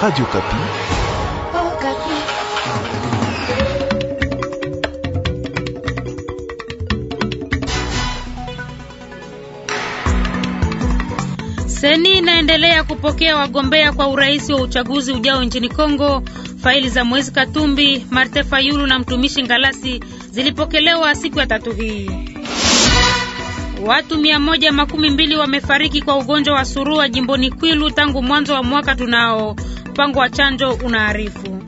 Radio Kapi. Oh, Kapi. Seni inaendelea kupokea wagombea kwa urais wa uchaguzi ujao nchini Kongo. Faili za Moise Katumbi, marte Fayulu na mtumishi Ngalasi zilipokelewa siku ya tatu hii. Watu mia moja makumi mbili wamefariki kwa ugonjwa wa surua jimboni Kwilu tangu mwanzo wa mwaka tunao mpango wa chanjo unaarifu.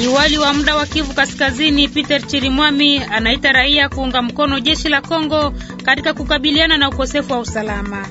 Liwali wa muda wa Kivu Kaskazini Peter Chirimwami anaita raia kuunga mkono jeshi la Kongo katika kukabiliana na ukosefu wa usalama.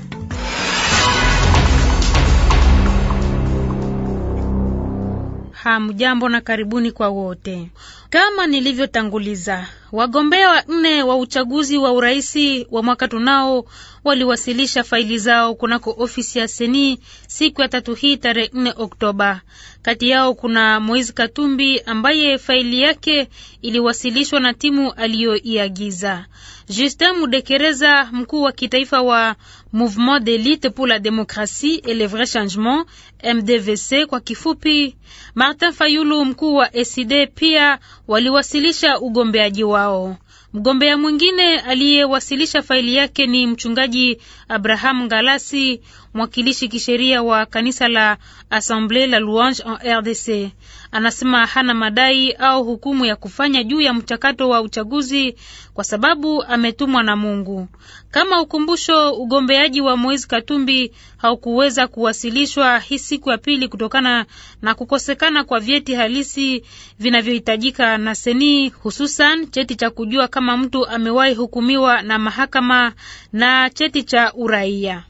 Hamjambo na karibuni kwa wote. Kama nilivyotanguliza, wagombea wanne wa uchaguzi wa uraisi wa mwaka tunao waliwasilisha faili zao kunako ofisi ya Seni siku ya tatu hii tarehe 4 Oktoba. Kati yao kuna Moise Katumbi ambaye faili yake iliwasilishwa na timu aliyoiagiza. Justin Mudekereza, mkuu wa kitaifa wa Mouvement d'Elite pour la Démocratie et le Vrai Changement, MDVC kwa kifupi, Martin Fayulu, mkuu wa SID pia waliwasilisha ugombeaji wao. Mgombea mwingine aliyewasilisha faili yake ni mchungaji Abraham Ngalasi mwakilishi kisheria wa kanisa la Assemblée la Louange en RDC. Anasema hana madai au hukumu ya kufanya juu ya mchakato wa uchaguzi kwa sababu ametumwa na Mungu. Kama ukumbusho, ugombeaji wa Moise Katumbi haukuweza kuwasilishwa hii siku ya pili kutokana na kukosekana kwa vyeti halisi vinavyohitajika na seni, hususan cheti cha kujua kama mtu amewahi hukumiwa na mahakama na cheti cha uraia.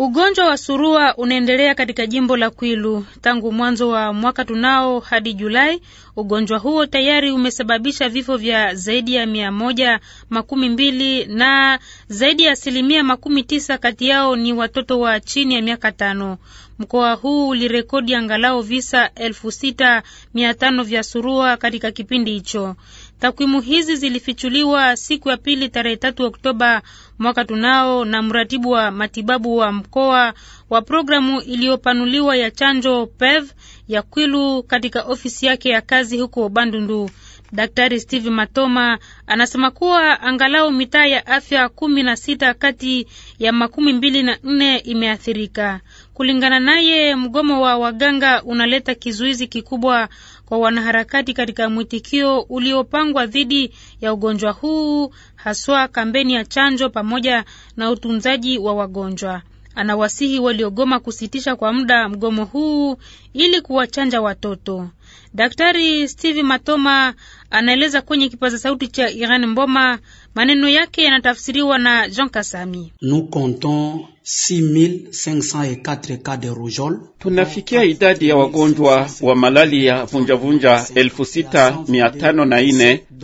Ugonjwa wa surua unaendelea katika jimbo la Kwilu tangu mwanzo wa mwaka tunao hadi Julai. Ugonjwa huo tayari umesababisha vifo vya zaidi ya mia moja makumi mbili na zaidi ya asilimia makumi tisa kati yao ni watoto wa chini ya miaka tano. Mkoa huu ulirekodi angalau visa elfu sita mia tano vya surua katika kipindi hicho. Takwimu hizi zilifichuliwa siku ya pili tarehe tatu Oktoba mwaka tunao na mratibu wa matibabu wa mkoa wa programu iliyopanuliwa ya chanjo PEV ya Kwilu katika ofisi yake ya kazi huko Bandundu. Daktari Steve Matoma anasema kuwa angalau mitaa ya afya kumi na sita kati ya makumi mbili na nne imeathirika. Kulingana naye, mgomo wa waganga unaleta kizuizi kikubwa kwa wanaharakati katika mwitikio uliopangwa dhidi ya ugonjwa huu, haswa kampeni ya chanjo pamoja na utunzaji wa wagonjwa. Anawasihi waliogoma kusitisha kwa muda mgomo huu ili kuwachanja watoto. Daktari Steve Matoma anaeleza kwenye kipaza sauti cha Iran Mboma. Maneno yake yanatafsiriwa na Jean Kasami. Nous comptons 6504 cas de rougeole. Tunafikia idadi ya wagonjwa wa malaria vunjavunja elfu sita mia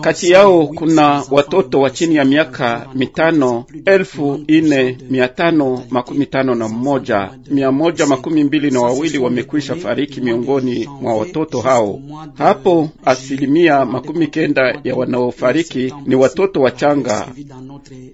Kati yao kuna watoto wa chini ya miaka mitano elfu nne na na wawili wamekwisha fariki miongoni mwa watoto hao hao. Hapo asilimia makumi kenda ya wanaofariki ni watoto wachanga.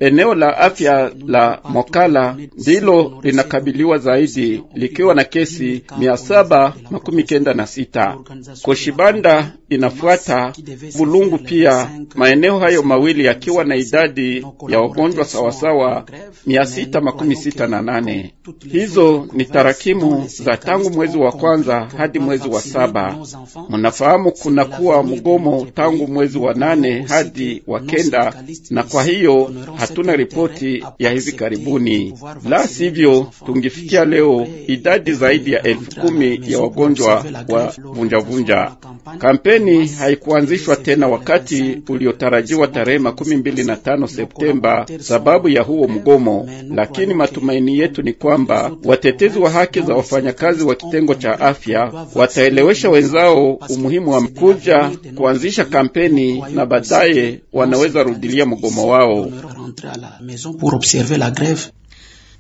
Eneo la afya la Mokala ndilo linakabiliwa zaidi likiwa na kesi mia saba makumi kenda na sita. Koshibanda inafuata Bulungu pia, maeneo hayo mawili yakiwa na idadi ya wagonjwa sawasawa mia sita makumi sita na nane. Hizo ni tarakimu za tangu mwezi wa kwanza hadi mwezi wa saba. Mnafahamu kuna kuwa mgomo tangu mwezi wa nane hadi wa kenda, na kwa hiyo hatuna ripoti ya hivi karibuni, la sivyo tungifikia leo idadi zaidi ya elfu kumi ya wagonjwa wa vunjavunja. Kampeni haikuanzishwa tena wakati uliotarajiwa tarehe makumi mbili na tano Septemba sababu ya huo mgomo, lakini matumaini yetu ni kwamba watetezi wa haki za wafanyakazi wa kitengo cha afya wataelewesha wenzao wao umuhimu wa mkuja kuanzisha kampeni na baadaye wanaweza rudilia mgomo wao.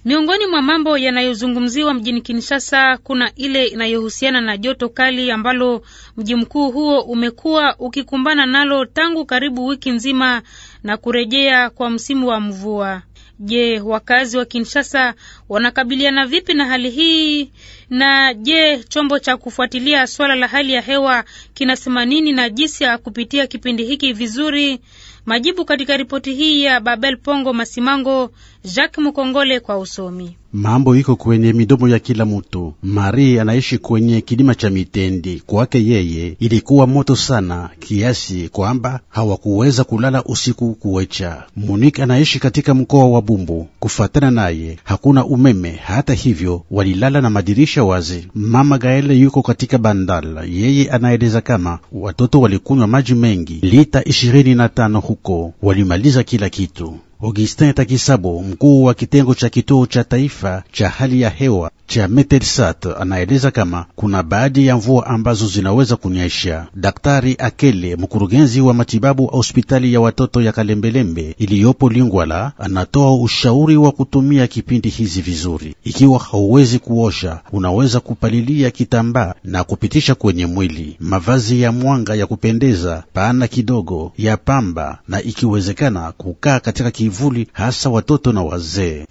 Miongoni mwa mambo yanayozungumziwa mjini Kinshasa kuna ile inayohusiana na joto kali ambalo mji mkuu huo umekuwa ukikumbana nalo tangu karibu wiki nzima na kurejea kwa msimu wa mvua. Je, wakazi wa Kinshasa wanakabiliana vipi na hali hii? Na je, chombo cha kufuatilia swala la hali ya hewa kinasema nini na jinsi ya kupitia kipindi hiki vizuri? Majibu katika ripoti hii ya Babel Pongo Masimango Jacques Mukongole kwa usomi. Mambo iko kwenye midomo ya kila mutu. Marie anaishi kwenye kilima cha Mitendi. Kwake yeye ilikuwa moto sana kiasi kwamba hawakuweza kulala usiku kuwecha. Monique anaishi katika mkoa wa Bumbu. Kufatana naye hakuna umeme, hata hivyo walilala na madirisha wazi. Mama Gaele yuko katika Bandala. Yeye anaeleza kama watoto walikunywa maji mengi lita ishirini na tano huko, walimaliza kila kitu. Augustin Takisabo, mkuu wa kitengo cha kituo cha taifa cha hali ya hewa cha Metelsat anaeleza kama kuna baadhi ya mvua ambazo zinaweza kunyesha. Daktari Akele, mkurugenzi wa matibabu hospitali ya watoto ya Kalembelembe iliyopo Lingwala, anatoa ushauri wa kutumia kipindi hizi vizuri. Ikiwa hauwezi kuosha, unaweza kupalilia kitambaa na kupitisha kwenye mwili. Mavazi ya mwanga ya kupendeza, pana kidogo, ya pamba, na ikiwezekana kukaa katika kivuli, hasa watoto na wazee.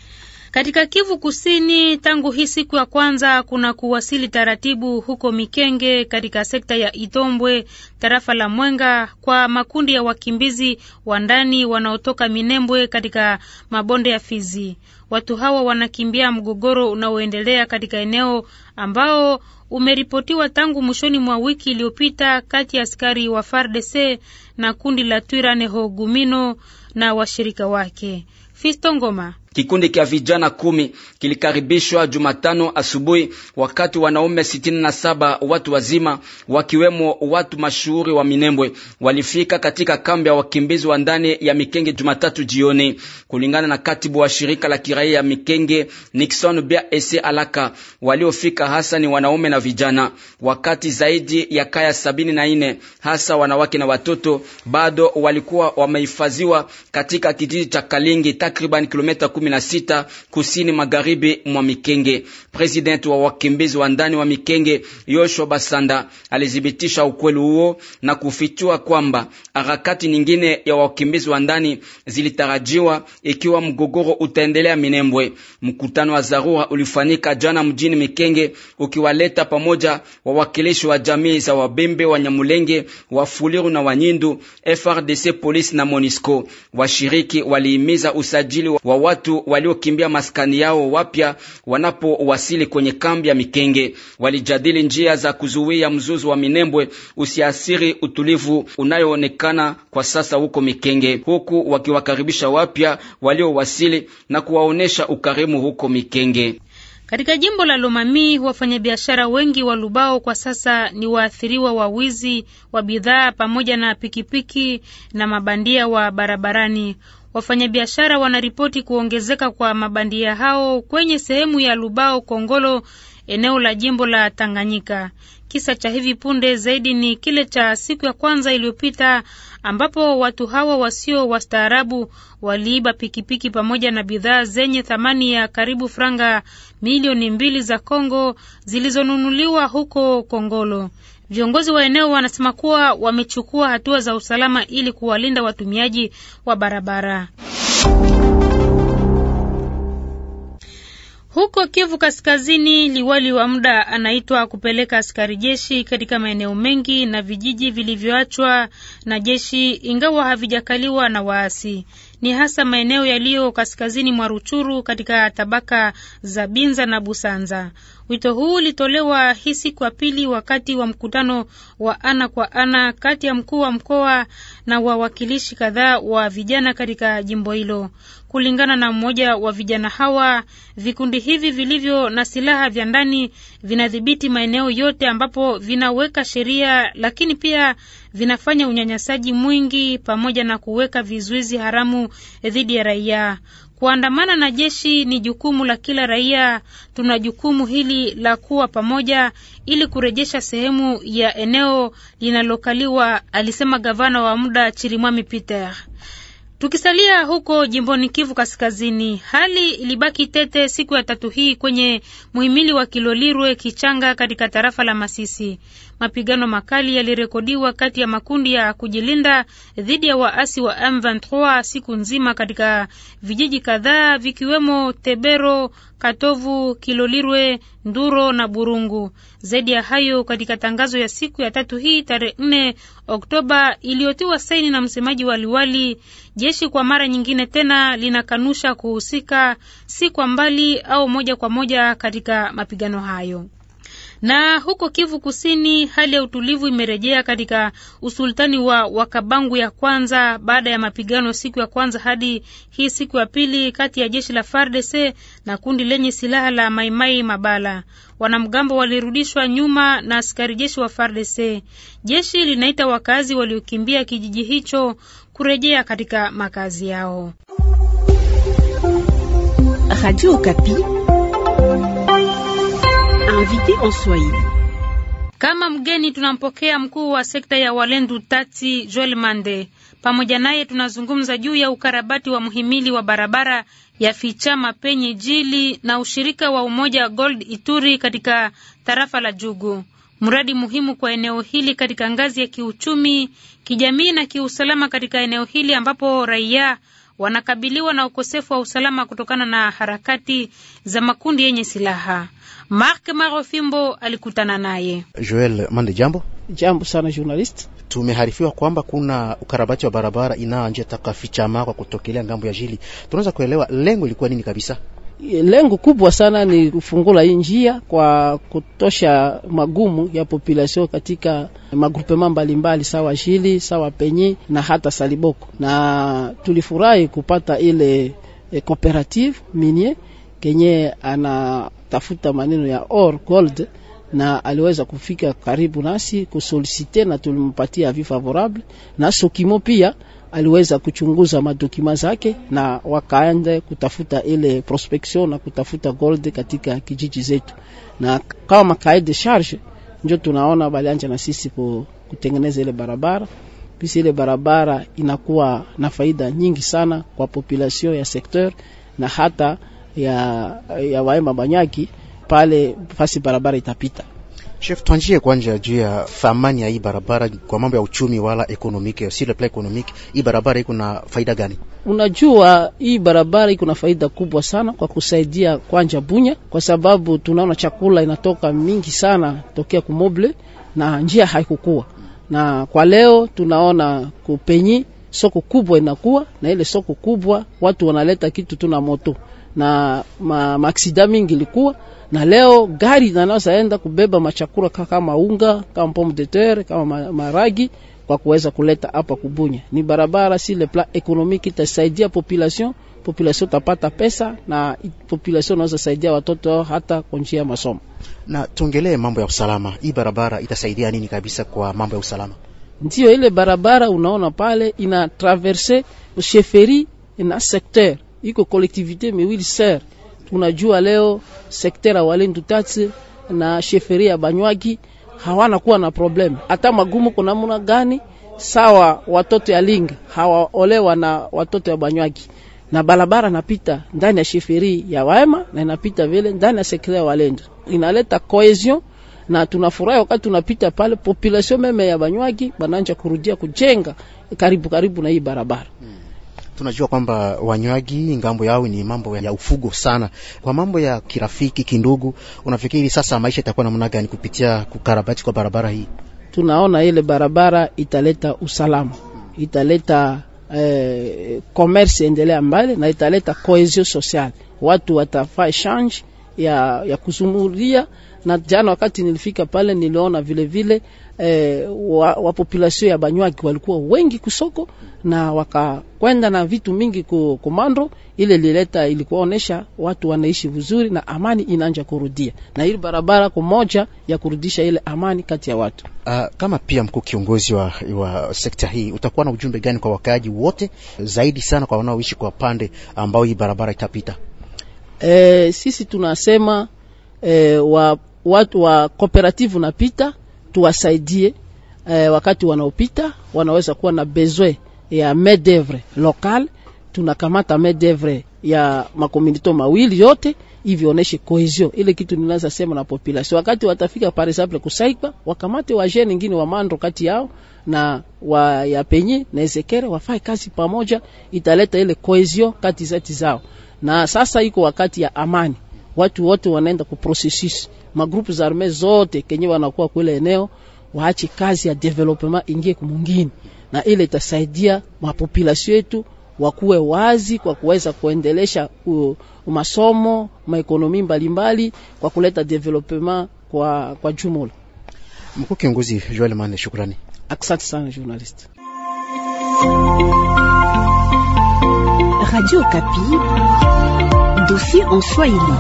Katika Kivu Kusini, tangu hii siku ya kwanza kuna kuwasili taratibu huko Mikenge katika sekta ya Itombwe, tarafa la Mwenga, kwa makundi ya wakimbizi wa ndani wanaotoka Minembwe katika mabonde ya Fizi. Watu hawa wanakimbia mgogoro unaoendelea katika eneo ambao umeripotiwa tangu mwishoni mwa wiki iliyopita kati ya askari wa FARDC na kundi la Twirane Hogumino na washirika wake. Fisto Ngoma Kikundi kya vijana kumi kilikaribishwa Jumatano asubuhi, wakati wanaume sitini na saba watu wazima wakiwemo watu mashuhuri wa Minembwe walifika katika kambi ya wakimbizi wa ndani ya Mikenge Jumatatu jioni, kulingana na katibu wa shirika la kiraia ya Mikenge Nixon Bia Ese Alaka. Waliofika hasa ni wanaume na vijana, wakati zaidi ya kaya sabini na nne hasa wanawake na watoto bado walikuwa wamehifadhiwa katika kijiji cha Kalingi takriban kilomita 16 kusini magharibi mwa Mikenge. President wa wakimbizi wa ndani wa Mikenge Yoshua Basanda alithibitisha ukweli huo na kufichua kwamba harakati nyingine ya wakimbizi wa ndani zilitarajiwa ikiwa mgogoro utaendelea Minembwe. Mkutano wa dharura ulifanyika jana mjini Mikenge ukiwaleta pamoja wawakilishi wa jamii za Wabembe, Wanyamulenge, Wafuliru na Wanyindu, FRDC, polisi na Monisco. Washiriki walihimiza usajili wa watu watu waliokimbia maskani yao wapya wanapowasili kwenye kambi ya Mikenge. Walijadili njia za kuzuia mzuzu wa Minembwe usiasiri utulivu unayoonekana kwa sasa huko Mikenge, huku wakiwakaribisha wapya waliowasili na kuwaonyesha ukarimu huko Mikenge. Katika jimbo la Lomami, wafanyabiashara wengi wa Lubao kwa sasa ni waathiriwa wa wizi wa bidhaa pamoja na pikipiki na mabandia wa barabarani. Wafanyabiashara wanaripoti kuongezeka kwa mabandia hao kwenye sehemu ya Lubao Kongolo, eneo la jimbo la Tanganyika. Kisa cha hivi punde zaidi ni kile cha siku ya kwanza iliyopita ambapo watu hawa wasio wastaarabu waliiba pikipiki pamoja na bidhaa zenye thamani ya karibu franga milioni mbili za Kongo zilizonunuliwa huko Kongolo. Viongozi wa eneo wanasema kuwa wamechukua hatua za usalama ili kuwalinda watumiaji wa barabara. Huko Kivu Kaskazini, liwali wa muda anaitwa kupeleka askari jeshi katika maeneo mengi na vijiji vilivyoachwa na jeshi ingawa havijakaliwa na waasi ni hasa maeneo yaliyo kaskazini mwa Ruchuru katika tabaka za Binza na Busanza. Wito huu ulitolewa hii siku ya pili wakati wa mkutano wa ana kwa ana kati ya mkuu wa mkoa na wawakilishi kadhaa wa vijana katika jimbo hilo. Kulingana na mmoja wa vijana hawa, vikundi hivi vilivyo na silaha vya ndani vinadhibiti maeneo yote ambapo vinaweka sheria, lakini pia vinafanya unyanyasaji mwingi pamoja na kuweka vizuizi haramu dhidi ya raia. Kuandamana na jeshi ni jukumu la kila raia. Tuna jukumu hili la kuwa pamoja ili kurejesha sehemu ya eneo linalokaliwa, alisema gavana wa muda Chirimwami Peter. Tukisalia huko jimboni Kivu Kaskazini, hali ilibaki tete siku ya tatu hii kwenye muhimili wa Kilolirwe Kichanga katika tarafa la Masisi mapigano makali yalirekodiwa kati ya makundi ya kujilinda dhidi ya waasi wa M23 siku nzima katika vijiji kadhaa vikiwemo Tebero, Katovu, Kilolirwe, Nduro na Burungu. Zaidi ya hayo, katika tangazo ya siku ya tatu hii tarehe 4 Oktoba iliyotiwa saini na msemaji wa liwali, jeshi kwa mara nyingine tena linakanusha kuhusika si kwa mbali au moja kwa moja katika mapigano hayo. Na huko Kivu Kusini, hali ya utulivu imerejea katika usultani wa Wakabangu ya kwanza baada ya mapigano siku ya kwanza hadi hii siku ya pili kati ya jeshi la FARDC na kundi lenye silaha la Maimai Mabala. Wanamgambo walirudishwa nyuma na askari jeshi wa FARDC. Jeshi linaita wakazi waliokimbia kijiji hicho kurejea katika makazi yao. Radio Kapi invité en Swahili. Kama mgeni tunampokea mkuu wa sekta ya Walendu Tati Joel Mande. Pamoja naye tunazungumza juu ya ukarabati wa mhimili wa barabara ya Fichama penye Jili na ushirika wa Umoja Gold Ituri katika tarafa la Jugu, mradi muhimu kwa eneo hili katika ngazi ya kiuchumi, kijamii na kiusalama katika eneo hili ambapo raia wanakabiliwa na ukosefu wa usalama kutokana na harakati za makundi yenye silaha. Mark Marofimbo alikutana naye. Joel Mande, jambo jambo sana journalist. Tumeharifiwa kwamba kuna ukarabati wa barabara inaanje taka fichama kwa kutokelea ngambo ya jili. Tunaweza kuelewa lengo ilikuwa nini kabisa? Lengo kubwa sana ni kufungula hii njia kwa kutosha magumu ya population katika magrupema mbalimbali, sawa Jili, sawa Penyi na hata Saliboko, na tulifurahi kupata ile eh, cooperative minier kenye anatafuta maneno ya or gold, na aliweza kufika karibu nasi kusolisite na tulimpatia avis favorable, na Sokimo pia aliweza kuchunguza madokima zake na wakaende kutafuta ile prospection na kutafuta gold katika kijiji zetu, na kama kaide de charge njo tunaona balianja na sisi kutengeneza ile barabara pisi ile barabara inakuwa na faida nyingi sana kwa population ya sekteur na hata ya, ya Waema Banyaki pale fasi barabara itapita. Chef, twanjie kwanja juu ya thamani ya hii barabara kwa mambo ya uchumi wala ekonomike, si le plan ekonomike, hii barabara iko na faida gani? Unajua, hii barabara iko na faida kubwa sana kwa kusaidia kwanja Bunya, kwa sababu tunaona chakula inatoka mingi sana tokea kumoble na njia haikukua, na kwa leo tunaona kupenyi soko kubwa inakuwa na ile soko kubwa, watu wanaleta kitu tuna moto na ma, maaksida mingi ilikuwa na leo gari zinazoenda kubeba machakura kama unga kama pomme de terre kama maragi kwa kuweza kuleta hapa Kubunya ni barabara, si le plan economique itasaidia population, population tapata pesa na population naweza saidia watoto hata kwa njia ya masomo. Na tuongelee mambo ya usalama, hii barabara itasaidia nini kabisa kwa mambo ya usalama? Ndio ile barabara unaona pale ina traverse sheferi na secteur iko collectivité mais il sert Tunajua leo secteur sektera Walendu Tate na sheferi ya Banywaki hawana kuwa na problem hata magumu kuna namna gani sawa. Watoto ya Linga hawaolewa na watoto ya Banywaki, na barabara napita ndani ya sheferi ya Waema na inapita vile ndani ya secteur ya Walendu, inaleta cohesion na tunafurahi wakati tunapita pale, population meme ya Banywaki bananja kurudia kujenga karibu karibu na hii barabara hmm. Tunajua kwamba wanywaji ngambo yao ni mambo ya ufugo sana. Kwa mambo ya kirafiki kindugu, unafikiri sasa maisha itakuwa namna gani kupitia kukarabati kwa barabara hii? Tunaona ile barabara italeta usalama, italeta eh, commerce endelea mbali na italeta cohesion sociale, watu watafaa change ya, ya kuzumuria na jana wakati nilifika pale niliona vilevile vile, e, wa, wa ya Banywaki walikuwa wengi kusoko na wakakwenda na vitu mingi ku komando ile lileta ilikuwa onesha watu wanaishi vizuri na amani inanja kurudia, na ile barabara kumoja ya kurudisha ile amani kati ya watu. Uh, kama pia mkuu kiongozi wa, wa sekta hii utakuwa na ujumbe gani kwa wakaaji wote, zaidi sana kwa wanaoishi kwa pande ambao hii barabara itapita? e, sisi tunasema E, wa watu wa cooperative unapita, tuwasaidie eh, wakati wanaopita wanaweza kuwa na besoin ya main d'oeuvre local. Tunakamata main d'oeuvre ya makomunito mawili yote hivi, oneshe kohezio ile kitu ninaza sema na population. Wakati watafika par exemple kusaikwa, wakamate wa jeune ingine wa mando kati yao na wa ya penye na Ezekere, wafae kazi pamoja, italeta ile kohezio kati zati zao. Na sasa iko wakati ya amani watu wote wanaenda ku processus magrupu za arme zote kenye wanakuwa kule eneo waache kazi ya development ingie kumungini, na ile itasaidia mapopulasion yetu wakuwe wazi kwa kuweza kuendelesha masomo maekonomi mbalimbali kwa kuleta development kwa, kwa jumla. Mkuu kiongozi Joel Mane, shukrani. Asante sana journalist. Radio Kapi dossier en Swahili.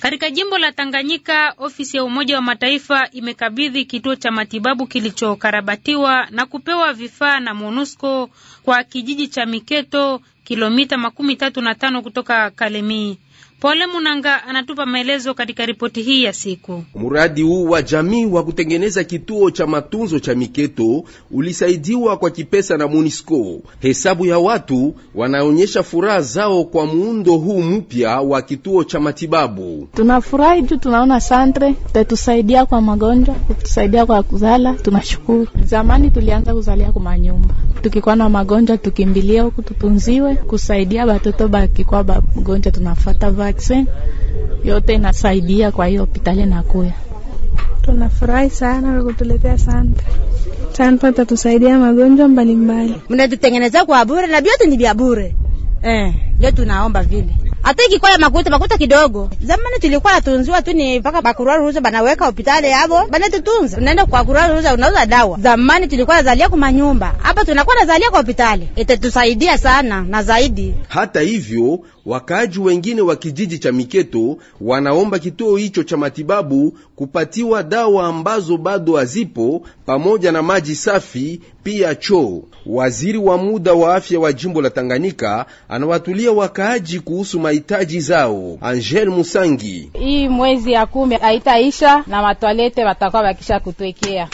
Katika jimbo la Tanganyika, ofisi ya Umoja wa Mataifa imekabidhi kituo cha matibabu kilichokarabatiwa na kupewa vifaa na MONUSCO kwa kijiji cha Miketo, kilomita makumi tatu na tano kutoka Kalemi. Pole Munanga anatupa maelezo katika ripoti hii ya siku. Mradi huu wa jamii wa kutengeneza kituo cha matunzo cha Miketo ulisaidiwa kwa kipesa na Munisco. Hesabu ya watu wanaonyesha furaha zao kwa muundo huu mpya wa kituo cha matibabu. Tunafurahi tu, tunaona santre tatusaidia kwa magonjwa, kutusaidia kwa kuzala, tunashukuru. Zamani tulianza kuzalia kwa manyumba, tukikuwa na magonjwa tukimbilia huku tutunziwe, kusaidia batoto bakikwa bagonjwa tunafuata vaccin yote inasaidia. Kwa hiyo hospitali nakuya, tunafurahi sana kwa kutuletea sante sanpa, tatusaidia magonjwa mbalimbali, Mnatutengeneza kwa bure na vyote ni vya bure eh, ndio tunaomba vile hata ikikwaya makuta makuta kidogo. Zamani tulikuwa natunziwa tu ni mpaka bakurua ruza banaweka hospitali yavo banatutunza, unaenda kwa kurua ruza unauza dawa. Zamani tulikuwa nazalia kwa manyumba, hapa tunakuwa nazalia kwa hospitali, itatusaidia sana na zaidi. Hata hivyo Wakaaji wengine wa kijiji cha Miketo wanaomba kituo hicho cha matibabu kupatiwa dawa ambazo bado hazipo pamoja na maji safi pia choo. Waziri wa muda wa afya wa jimbo la Tanganyika anawatulia wakaaji kuhusu mahitaji zao. Angel Musangi: hii mwezi ya kumi haitaisha na matoalete watakuwa wakisha kutwekea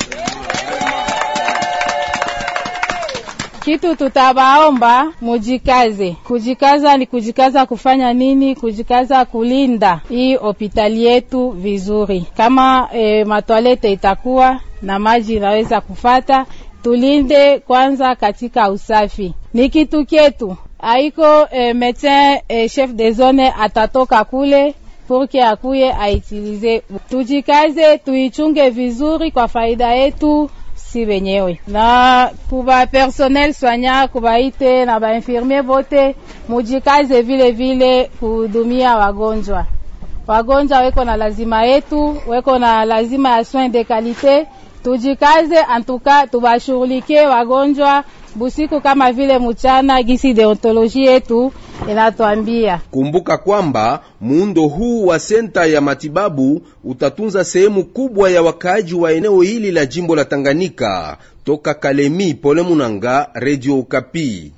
Kitu tutabaomba mujikaze. Kujikaza ni kujikaza kufanya nini? Kujikaza kulinda hii hopitali yetu vizuri, kama e, eh, matwalete itakuwa na maji inaweza kufata, tulinde kwanza katika usafi, ni kitu kyetu. aiko e, eh, medecin e, eh, chef de zone atatoka kule porke akuye aitilize. Tujikaze, tuichunge vizuri kwa faida yetu si wenyewe, na kuva personnel soignant kuvaite na bainfirmier bote mujikaze vile vile kuhudumia wagonjwa. Wagonjwa weko na lazima yetu, weko na lazima ya soin de kalite. Tujikaze antuka, tubashughulikie wagonjwa busiku kama vile mchana, gisi deontoloji yetu inatuambia kumbuka kwamba muundo huu wa senta ya matibabu utatunza sehemu kubwa ya wakaaji wa eneo hili la jimbo la Tanganyika. Toka Kalemi, Pole Munanga, Radio Okapi.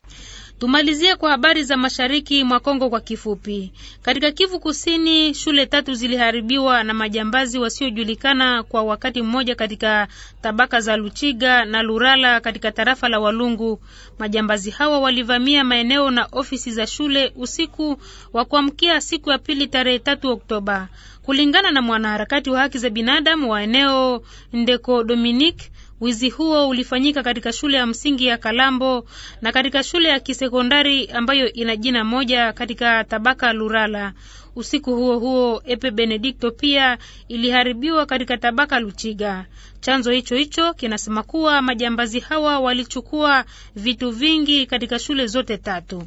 Tumalizie kwa habari za mashariki mwa Kongo kwa kifupi. Katika Kivu Kusini, shule tatu ziliharibiwa na majambazi wasiojulikana kwa wakati mmoja katika tabaka za Luchiga na Lurala katika tarafa la Walungu. Majambazi hawa walivamia maeneo na ofisi za shule usiku wa kuamkia siku ya pili tarehe tatu Oktoba, kulingana na mwanaharakati wa haki za binadamu wa eneo Ndeko Dominique. Wizi huo ulifanyika katika shule ya msingi ya Kalambo na katika shule ya kisekondari ambayo ina jina moja katika tabaka Lurala. Usiku huo huo Epe Benedikto pia iliharibiwa katika tabaka Luchiga. Chanzo hicho hicho kinasema kuwa majambazi hawa walichukua vitu vingi katika shule zote tatu.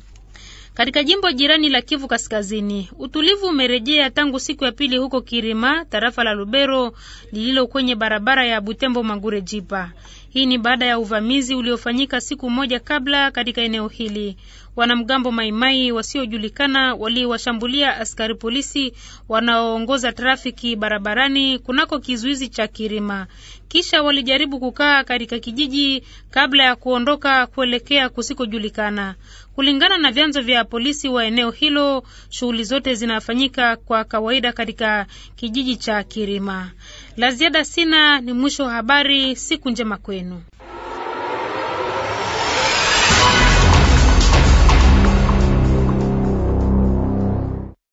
Katika jimbo jirani la Kivu Kaskazini, utulivu umerejea tangu siku ya pili huko Kirima, tarafa la Lubero lililo kwenye barabara ya Butembo Mangure Jipa. Hii ni baada ya uvamizi uliofanyika siku moja kabla katika eneo hili. Wanamgambo Maimai wasiojulikana waliwashambulia askari polisi wanaoongoza trafiki barabarani kunako kizuizi cha Kirima. Kisha walijaribu kukaa katika kijiji kabla ya kuondoka kuelekea kusikojulikana. Kulingana na vyanzo vya polisi wa eneo hilo, shughuli zote zinafanyika kwa kawaida katika kijiji cha Kirima. La ziada sina, ni mwisho wa habari. Siku njema kwenu.